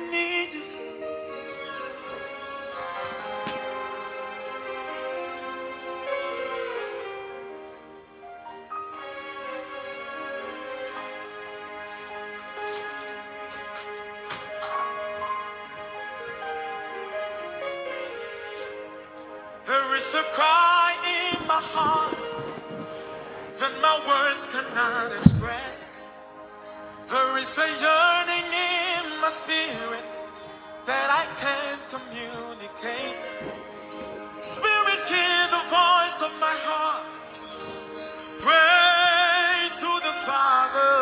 There is a cry in my heart that my words cannot express. There is a spirit that I can communicate. Spirit, hear the voice of my heart. Pray to the Father.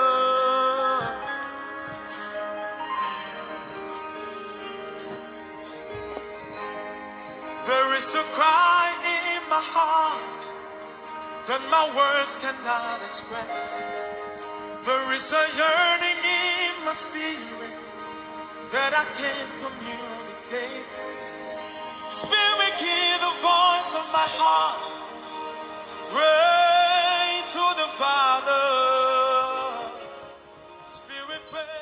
There is a cry in my heart that my words cannot express. There is a yearning in my spirit that I came from you today. Spirit, hear the voice of my heart. Pray to the Father. Spirit, pray.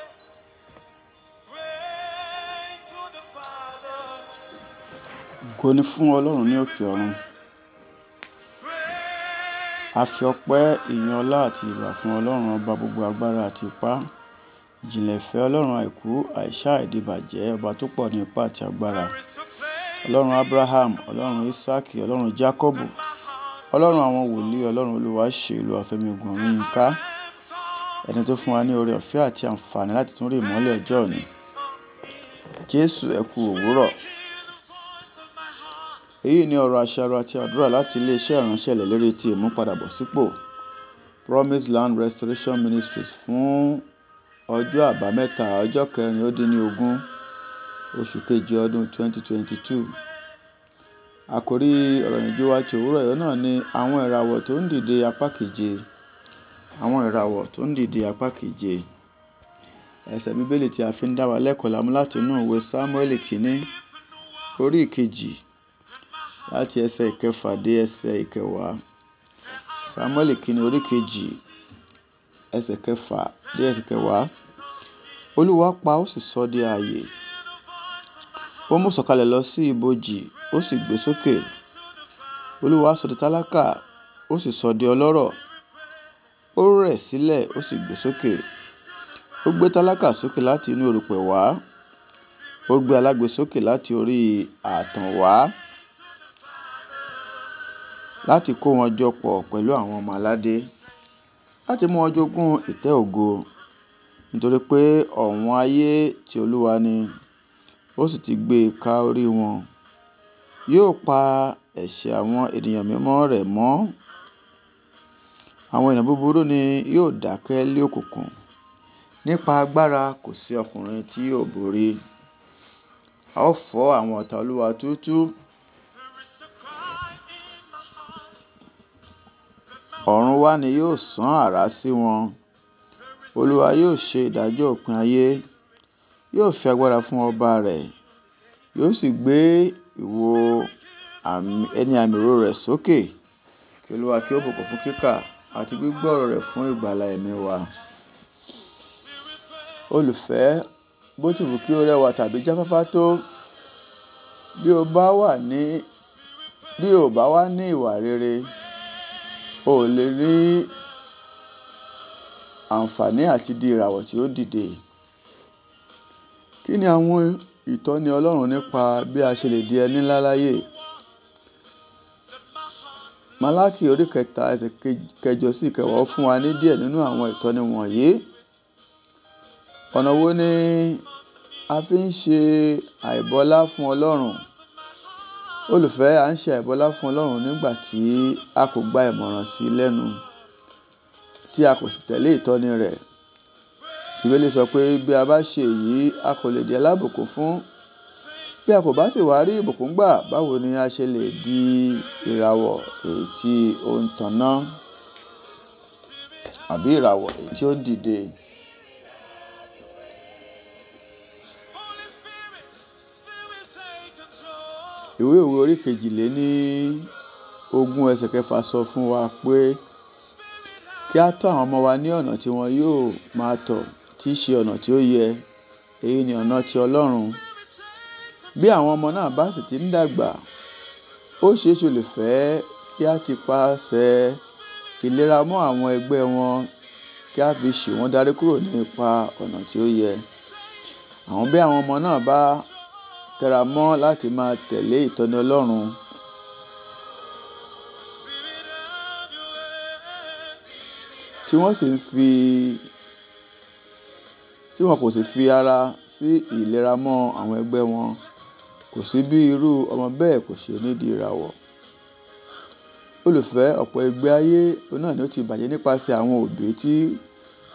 Pray to fún Ọlọ́run ní òkè ọ̀run. A fi ọpẹ́ ìyìn ọlá àti ìbà fún Ọlọ́run ọba gbogbo agbára àti ipá. Ìjìnlẹ̀ ìfẹ́ Ọlọ́run àìkú, àìṣá, àìdíbàjẹ́, ọba tó pọ̀ ní ipá àti agbára. Ọlọ́run Abrahamu, Ọlọ́run Isaaki, Ọlọ́run Jakọbu, Ọlọ́run àwọn wòlíì, Ọlọ́run Olúwaṣe, Olúwafẹ́mi Ògúnwùyinká. Ẹni tó fún wa ní oore ọ̀fẹ́ àti àǹfààní láti tún rí ìmọ́lẹ̀ ọjọ́ òní. Jésù ẹ kú òwúrọ̀. Èyí ni ọ̀rọ̀ àṣàrò àti àdúrà láti ilé iṣẹ́ ìránṣẹ́ ìlérí ti ìmúpadàbọ̀sípò Promise Land Restoration Ministries fún ọjọ́ àbámẹ́ta ọjọ́ kẹrin ó dín ní ogún oṣù kejì ọdún twenty twenty two àkòrí ọ̀rọ̀ ìyànjú wa ti òwúrọ̀ ẹ̀rọ náà ni àwọn ìràwọ̀ tó ń dìde apá keje àwọn ìràwọ̀ tó ń dìde apá keje ẹsẹ̀ bíbélì tí a fi ń dá wa lẹ́kọ̀ọ́ la láti inú ìwé sámúẹ́lì kínní orí ìkejì láti ẹsẹ̀ ìkẹfà dé ẹsẹ̀ ìkẹwàá sámúẹ́lì kínní orí ìkejì ẹsẹ̀ kẹfà dé ẹsẹ̀ kẹwàá olúwa pa á ó sì sọ di ààyè ó mú sọ̀kalẹ̀ lọ sí ibojì ó sì gbé sókè olúwa sọ di tálákà ó sì sọ di ọlọ́rọ̀ ó rẹ̀ sílẹ̀ ó sì gbé sókè ó gbé tálákà sókè láti inú erùpẹ̀ wá ó gbé alágbe sókè láti orí ààtàn wá láti kó wọn jọ pọ̀ pẹ̀lú àwọn ọmọ aládé láti mú wọn jogún ìtẹ́ ògo nítorí pé ọ̀run ayé ti Olúwa ni, ó sì ti gbé e ká orí wọn. Yóò pa ẹ̀ṣẹ̀ àwọn ènìyàn mímọ́ rẹ̀ mọ́. Àwọn ènìyàn búburú ni yóò dákẹ́ lé òkùnkùn. Nípa agbára kò sí ọkùnrin tí yóò borí. A ó fọ́ àwọn ọ̀tá Olúwa túútúú. Ọ̀run wá ni yóò sán àrá sí wọn. Olúwa yóò ṣe ìdájọ́ òpin ayé, yóò fi agbára fún ọba rẹ̀, yóò sì gbé ìwo àmì ẹni àmì òróró rẹ̀ sókè. Kí Olúwa kí ó bùkún fún kíkà àti gbígbọ́ ọ̀rọ̀ rẹ̀ fún ìgbàlà ẹ̀mí wa. Olùfẹ́, bó ti wù kí ó rẹwà tàbí jáfáfá tó, bí o bá wà ní, bí o bá wà ní ìwà rere, o ò lè rí àǹfààní àti di ìràwọ̀ tí ó dìde. Kí ni àwọn ìtọ́ni Ọlọ́run nípa bí a ṣe lè di ẹni ńlá láyé? Málákì orí kẹta ẹsẹ̀ kẹjọ sí ìkẹwàá fún wa ní díẹ̀ nínú àwọn ìtọ́ni wọ̀nyí. Ọ̀nà wo ni a fi ń ṣe àìbọlá fún Ọlọ́run? Olùfẹ́, à ń ṣe àìbọlá fún Ọlọ́run nígbà tí a kò gba ìmọ̀ràn sí i lẹ́nu tí a kò sì tẹ̀lé ìtọ́ni rẹ̀. Bíbélì sọ pé bí a bá ṣe èyí, a kò lè di alábùkún fún. Bí a kò bá sì wá rí ìbùkún gbà, báwo ni a ṣe lè di ìràwọ̀ èyí tí ó ń taná àbí ìràwọ̀ èyí tí ó ń dìde? Ìwé òwe orí kejì lé ní ogún ẹsẹ̀ kẹfà sọ fún wa pé kí a tọ́ àwọn ọmọ wa ní ọ̀nà tí wọn yóò máa tọ̀ tí í ṣe ọ̀nà tí ó yẹ èyí ni ọ̀nà ti Ọlọ́run bí àwọn ọmọ náà bá sì ti ń dàgbà ó ṣeéṣe lè fẹ́ kí a ti paṣẹ ìlera mọ́ àwọn ẹgbẹ́ wọn kí a fi ṣì wọ́n darí kúrò ní ipa ọ̀nà tí ó yẹ àwọn bí àwọn ọmọ náà bá tẹra mọ́ láti máa tẹ̀lé ìtọ́ni Ọlọ́run tí wọ́n sì ń fi, tí wọn kò sì fi ara sí ìlera mọ́ àwọn ẹgbẹ́ wọn. Kò sí bí irú ọmọ bẹ́ẹ̀ kò ṣe ní di ìràwọ̀. Olùfẹ́ ọ̀pọ̀ ìgbé ayé náà ni ó ti bàjẹ́ nípasẹ̀ àwọn òbí tí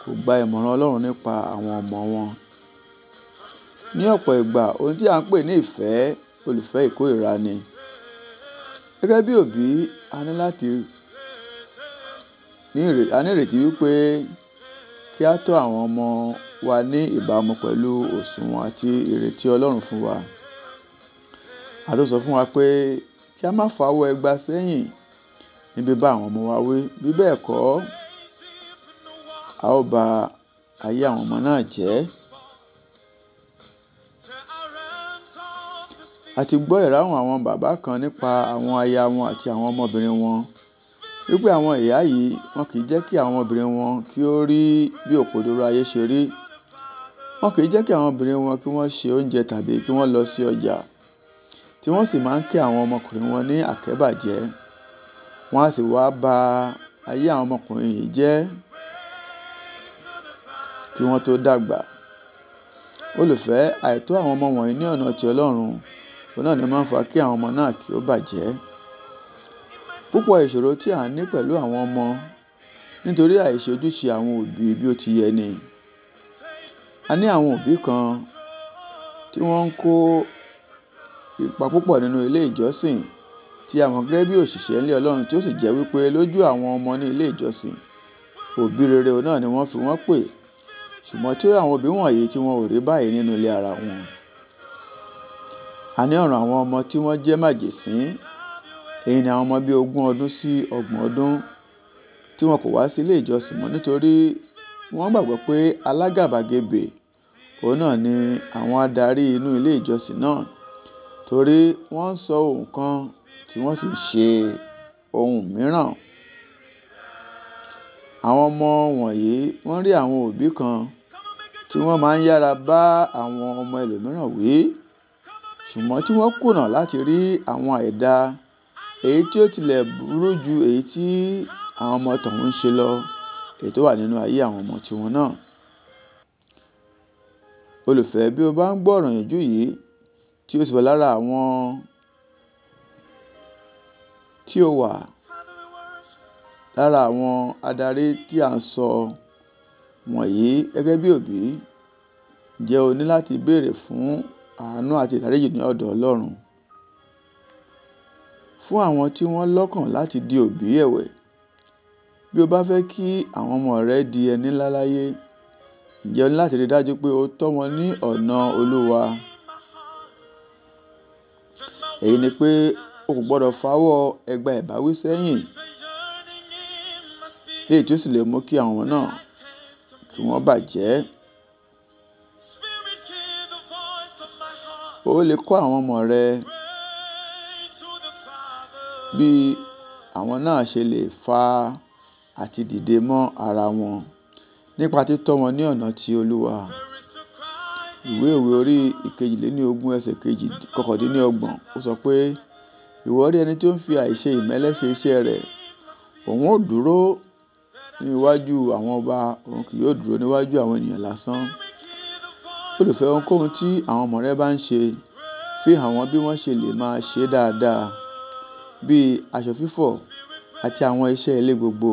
kò gba ìmọ̀ràn Ọlọ́run nípa àwọn ọmọ wọn. Ni ọ̀pọ̀ ìgbà ohun tí à ń pè ní ìfẹ́, olùfẹ́ ìkórìíra ni. Gẹ́gẹ́ bí òbí, a ní láti a ní ìrètí wípé kí a tọ́ àwọn ọmọ wa ní ìbámu pẹ̀lú òṣùwọ̀n àti ìrètí Ọlọ́run fún wa. A tún sọ fún wa pé kí a má fàwọ́ ẹgba sẹ́yìn níbi bá àwọn ọmọ wa wí. Bí bẹ́ẹ̀ kọ́, a ó ba ayé àwọn ọmọ náà jẹ́. A ti gbọ́ ìráhùn àwọn bàbá kan nípa àwọn aya wọn àti àwọn ọmọbìnrin wọn wípé àwọn ìyá yìí wọn kì í jẹ́ kí àwọn obìnrin wọn kí ó rí bí òkodoro ayé ṣe rí. Wọn kì í jẹ́ kí àwọn obìnrin wọn kí wọ́n se oúnjẹ tàbí kí wọ́n lọ sí ọjà, tí wọ́n sì máa ń kí àwọn ọmọkùnrin wọn ní àkẹ́bàjẹ́. Wọn a sì wá ba ayé àwọn ọmọkùnrin yìí jẹ́ kí wọ́n tó dàgbà. Olùfẹ́, àìtó àwọn ọmọ wọ̀nyí ní ọ̀nà ti Ọlọ́run, òun náà ni ó máa ń fa kí àwọn ọmọ náà kí ó bàjẹ́. Púpọ̀ ìṣòro tí à ń ní pẹ̀lú àwọn ọmọ nítorí àìṣojúṣe àwọn òbí bí ó ti yẹ ni. A ní àwọn òbí kan tí wọ́n ń kó ipa púpọ̀ nínú ilé ìjọsìn tí a mọ̀ gẹ́gẹ́ bí òṣìṣẹ́ ilé Ọlọ́run tí ó sì jẹ́ wípé lójú àwọn ọmọ ní ilé ìjọsìn, òbí rere náà ni wọ́n fi wọ́n pè. Ṣùgbọ́n tí àwọn òbí wọ̀nyí tí wọn ò rí báyìí nínú ilé ara wọn. A ní ọ̀ràn àwọn ọmọ tí wọ́n jẹ́ màjèsín èyí ni àwọn ọmọ bíi ogún ọdún sí ọgbọ̀n ọdún tí wọn kò wá sí ilé ìjọsìn mọ́ nítorí wọ́n gbàgbọ́ pé alágàbàgebè òun náà ni àwọn adarí inú ilé ìjọsìn náà torí wọ́n ń sọ ohun kan tí wọ́n sì ń ṣe ohun mìíràn. Àwọn ọmọ wọ̀nyí wọ́n rí àwọn òbí kan tí wọ́n máa ń yára bá àwọn ọmọ ẹlòmíràn wí ṣùgbọ́n tí wọ́n kùnà láti rí àwọn àìda èyí tí ó tilẹ̀ burú ju èyí tí àwọn ọmọ tọ̀hún ń ṣe lọ èyí tó wà nínú ayé àwọn ọmọ tiwọn náà. Olùfẹ́ bí o bá ń gbọ́ ọ̀rọ̀ ìyànjú yìí tí o sì wà lára àwọn tí o wà lára àwọn adarí tí à ń sọ wọ̀nyí gẹ́gẹ́ bí òbí, ǹjẹ́ o ní láti béèrè fún àánú àti ìdáríjì ní ọ̀dọ̀ Ọlọ́run? Fún àwọn tí wọ́n lọ́kàn láti di òbí ẹ̀wẹ̀, bí o bá fẹ́ kí àwọn ọmọ rẹ di ẹni ńlá ǹjẹ́ o ní láti rí i dájú pé o tọ́ wọn ní ọ̀nà Olúwa. Èyí ni pé o kò gbọdọ̀ fáwọ́ ẹgba ìbáwí sẹ́yìn, léyìí tí ó sì lè mú kí àwọn náà kí wọ́n bàjẹ́. O lè kọ́ àwọn ọmọ rẹ bí àwọn náà ṣe lè fa àti dìde mọ́ ara wọn nípa títọ́ wọn ní ọ̀nà ti Olúwa. Ìwé Òwe orí ìkejìléníogún ẹsẹ̀ kejì kọkàndínlọ́gbọ̀n ó sọ pé, "Ìwọ rí ẹni tí ó ń fi àìṣe ìmẹ́lẹ́ ṣe iṣẹ́ rẹ̀, òun ó dúró ní iwájú àwọn ọba, òun kì yóò dúró níwájú àwọn ènìyàn lásán." Olùfẹ́, ohunkóhun tí àwọn ọmọ rẹ bá ń ṣe, fihàn wọ́n bí wọ́n ṣe lè máa ṣe dáadáa bíi aṣọ fífọ̀ àti àwọn iṣẹ́ ilé gbogbo.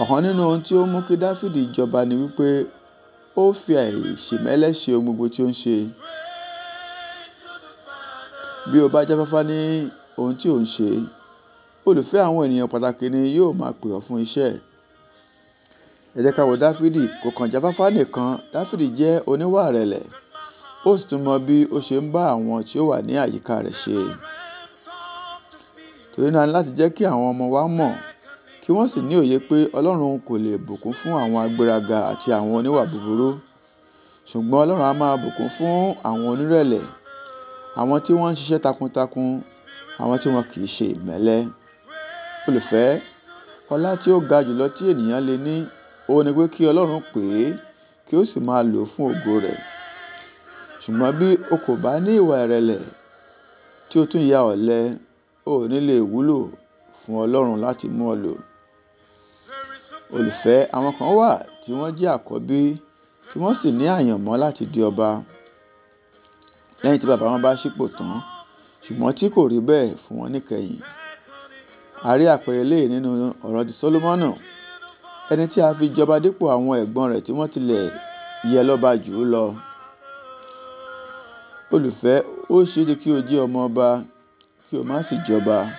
Ọ̀kan nínú ohun tí ó mú kí Dafidi jọba ni wípé ó fi àìṣèmẹ́lẹ́ ṣe ohun gbogbo tí ó ń ṣe. Bí o bá jáfáfá ní ohun tí ò ń ṣe, olùfẹ́ àwọn ènìyàn pàtàkì ni yóò máa pè ọ́ fún iṣẹ́. Ẹ jẹ́ ká wo Dafidi, kò kan jáfáfá nìkan, Dafidi jẹ́ oníwà ìrẹ̀lẹ̀, ó sì tún mọ bí ó ṣe ń bá àwọn tí ó wà ní àyíká rẹ̀ ṣe. Torí náà láti jẹ́ kí àwọn ọmọ wa mọ̀ kí wọ́n sì ní òye pé Ọlọ́run kò lè bùkún fún àwọn agbéraga àti àwọn oníwà búburú. Ṣùgbọ́n Ọlọ́run a máa bùkún fún àwọn onírẹ̀lẹ̀, àwọn tí wọ́n ń ṣiṣẹ́ takuntakun, àwọn tí wọn kì í ṣe ìmẹ́lẹ́. Olùfẹ́, ọlá tí ó ga jùlọ tí ènìyàn lè ní, ó ní pé kí Ọlọ́run pè é kí ó sì máa lò ó fún ògo rẹ̀. Ṣùgbọ́n bí o kò bá ní ìwà ìrẹ̀lẹ̀ tí ó tún ya ọ̀lẹ, ò ní lè wúlò fún Ọlọ́run láti mú ọ lò. Olùfẹ́, àwọn kan wà tí wọ́n jẹ́ àkọ́bí tí wọ́n sì ní àyànmọ́ láti di ọba lẹ́yìn tí bàbá wọn bá ṣípò tán ṣùgbọ́n tí kò rí bẹ́ẹ̀ fún wọn níkẹyìn. A rí àpẹẹrẹ eléyìí nínú ọ̀rọ̀ ti Solomoni ẹni tí a fi jọba dípò àwọn ẹ̀gbọ́n rẹ̀ tí wọ́n tilẹ̀ yẹ lọ́ba jù ú lọ. Olùfẹ́, ó ṣe é ṣe kí o jẹ́ ọmọ ọba kí o má sì jọba.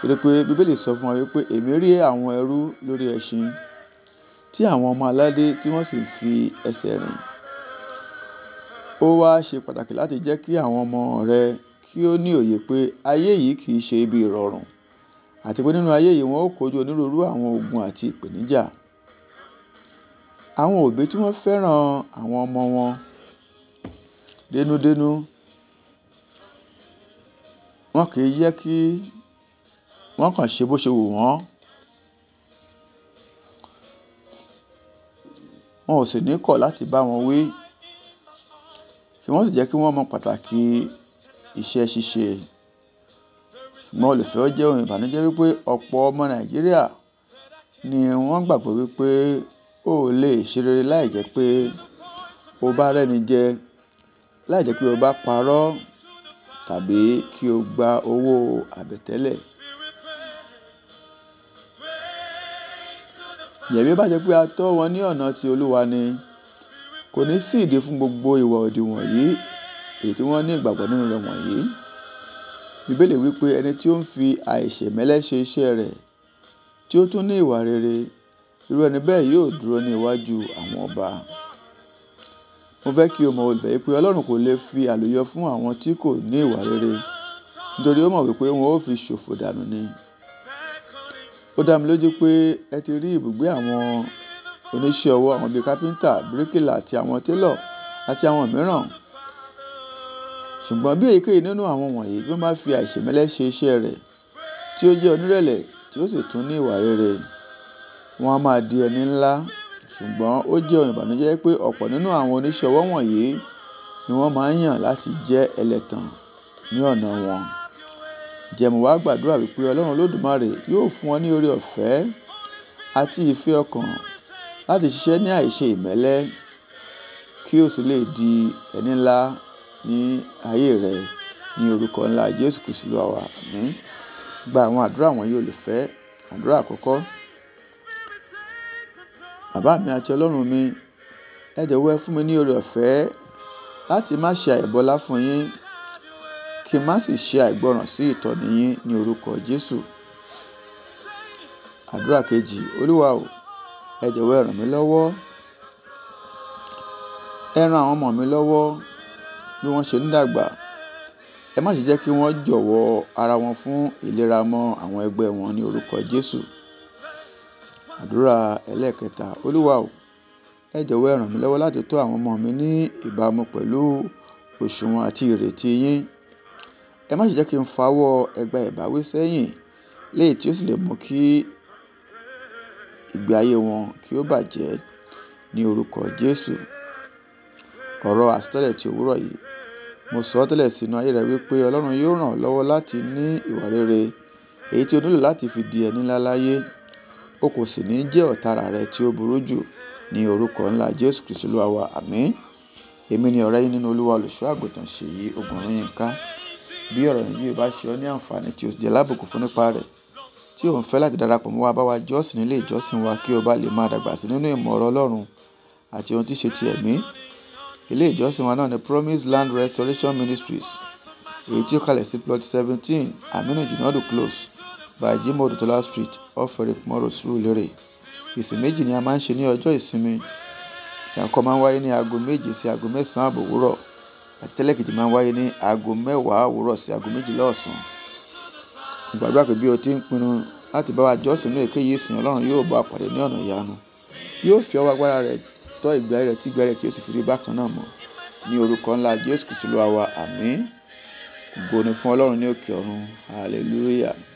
Torí pé Bíbélì sọ fún wa wípé èmi rí àwọn ẹrú lórí ẹṣin tí àwọn ọmọ aládé tí wọ́n sì ń fi ẹsẹ̀ rìn. Ó wá ṣe pàtàkì láti jẹ́ kí àwọn ọmọ rẹ kí ó ní òye pé ayé yìí kì í ṣe ibi ìrọ̀rùn àti pé nínú ayé yìí wọn ó kojú onírúurú àwọn ogun àti ìpèníjà. Àwọn òbí tí wọ́n fẹ́ràn àwọn ọmọ wọn dénúdénú wọ́n kì í jẹ́ kí wọ́n kàn ṣe bó ṣe wù wọ́n. Wọn ò sì ní kọ̀ láti bá wọn wí. Kí wọ́n sì jẹ́ kí wọ́n mọ pàtàkì iṣẹ́ ṣíṣe. Ṣùgbọ́n ó jẹ́ ohun ìbànújẹ́ wípé ọ̀pọ̀ ọmọ Nàìjíríà ni wọ́n gbàgbọ́ wípé ó lè ṣe rere láìjẹ́ pé o bá rẹ́ni jẹ, láìjẹ́ pé o bá parọ́ tàbí kí o gba owó àbẹ̀tẹ́lẹ̀. Ìyẹn bí ó bá jẹ́ pé a tọ́ wọn ní ọ̀nà tí Olúwa ni, kò ní sí ìdí fún gbogbo ìwà òdì wọ̀nyí èyí tí wọ́n ní ìgbàgbọ́ nínú rẹ̀ wọ̀nyí. Bíbélì wípé ẹni tí ó ń fi àìṣẹ̀ mẹ́lẹ́ ṣe iṣẹ́ rẹ̀ tí ó tún ní ìwà rere, irú ẹni bẹ́ẹ̀ yóò dúró ní iwájú àwọn ọba. Mo fẹ́ kí o mọ̀ bẹ̀ pé Ọlọ́run kò lè fi àlùyọ fún àwọn tí kò ní ìwà rere, nítorí ó mọ̀ wípé wọn ó fi ṣòfò dànù ni. Ó dá mi lójú pé ẹ ti rí ibùgbé àwọn oníṣẹ́ ọwọ́, àwọn bíi kápíntà, bíríkìlà àti àwọn télọ̀ àti àwọn mìíràn. Ṣùgbọ́n bí èyíkéyìí nínú àwọn wọ̀nyí bí wọ́n bá fi àìṣèmẹ́lẹ́ ṣe iṣẹ́ rẹ̀, tí ó jẹ́ onírẹ̀lẹ̀ tí ó sì tún ní ìwà rere, wọn a máa di ẹni ńlá ṣùgbọ́n ó jẹ́ ohun ìbànújẹ́ pé ọ̀pọ̀ nínú àwọn oníṣòwò wọ̀nyí ni wọ́n máa ń yàn láti jẹ́ ẹlẹ́tàn ní ọ̀nà wọn. Ǹjẹ́ mo wá gbàdúrà wípé Ọlọ́run Olódùmarè yóò fún ọ ní oore ọ̀fẹ́ àti ìfẹ́ ọkàn láti ṣiṣẹ́ ní àìṣe ìmẹ́lẹ́ kí o sì lè di ẹni ńlá ní ayé rẹ ní orúkọ ńlá Jésù Kristi Olúwa wa. Àmín. Gba àwọn àdúrà wọ̀nyí olùfẹ́. Àdúrà àkọ́kọ́ Bàbá mi àti Ọlọ́run mi, ẹ jọ̀wọ́ ẹ fún mi ní oore ọ̀fẹ́ láti má ṣe àìbọlá fún yín, kí n má sì ṣe àìgbọràn sí ìtọ́ni yín ní orúkọ Jésù. Àdúrà kejì, Olúwa o, ẹ jọ̀wọ́ ẹ ràn mí lọ́wọ́. Ẹ ran àwọn ọmọ mi lọ́wọ́ bí wọ́n ṣe ń dàgbà. Ẹ má ṣe jẹ́ kí wọ́n jọ̀wọ́ ara wọn fún ìlera mọ́ àwọn ẹgbẹ́ wọn ní orúkọ Jésù. Àdúrà ẹlẹ́ẹ̀kẹta, Olúwa o, ẹ jọ̀wọ́ ẹ ràn mí lọ́wọ́ láti tọ́ àwọn ọmọ mi ní ìbámu pẹ̀lú òṣùwọ̀n àti ìrètí yín. Ẹ má ṣe jẹ́ kí n fáwọ́ ẹgba ìbáwí sẹ́yìn léyìí tí ó sì lè mú kí ìgbé ayé wọn kí ó bàjẹ́ ní orúkọ Jésù. Ọ̀rọ̀ àsọtẹ́lẹ̀ ti òwúrọ̀ yìí, mo sọ ọ́ tẹ́lẹ̀ sínú ayé rẹ wípé Ọlọ́run yóò ràn ọ́ lọ́wọ́ láti ní ìwà rere èyí tí ó nílò láti fi di ẹni ńlá láyé o kò sì ní jẹ́ ọ̀tá ara rẹ tí ó burú jù ní orúkọ ńlá Jésù Kristi Olúwa wa. Àmín. Èmi ni ọ̀rẹ́ yín nínú Olúwa olùṣọ́ àgùntàn Ṣèyí Ògùnrúyìnká. Bí ọ̀rọ̀ yìí bá ṣe ọ́ ní àǹfààní tí o sì jẹ́ lábùkún fún nípa rẹ̀, tí ò ń fẹ́ láti darapọ̀ mọ́ wa bá wa jọ́sìn nílé ìjọsìn wa kí o bá lè máa dàgbà sí nínú ìmọ̀ ọ̀rọ̀ Ọlọ́run àti ohun tí ṣe ti ẹ̀mí. Ilé ìjọsìn wa náà ni Promise Land Restoration Ministries èyí tí ó kalẹ̀ sí plot seventeen Aminu Junod Close by Jimoh Dotola street off Eric Moro Surulere. Ìsìn méjì ni a máa ń ṣe ní ọjọ́ ìsinmi tí àkọ́kọ́ máa ń wáyé ní aago méje sí aago mẹ́sàn-án àbọ̀ òwúrọ̀ àti tẹ́lẹ̀kejì máa ń wáyé ní aago mẹ́wàá òwúrọ̀ sí aago méjìlá ọ̀sán. Mo gbàdúrà pé bí o ti ń pinnu láti bá wa jọ́sìn ní èyíkéyìí ìsìn Ọlọ́run yóò bá ọ pàdé ní ọ̀nà ìyanu. Yóò fi ọwọ́ agbára rẹ̀ tọ́ ìgbé ayé rẹ tí ìgbé ayé rẹ kì yóò sì fi rí bákan náà mọ́. Ní orúkọ ńlá Jésù Kristi Olúwa wa, àmín. Ògo ni fún Ọlọ́run ní òkè ọ̀run. Hallelujah.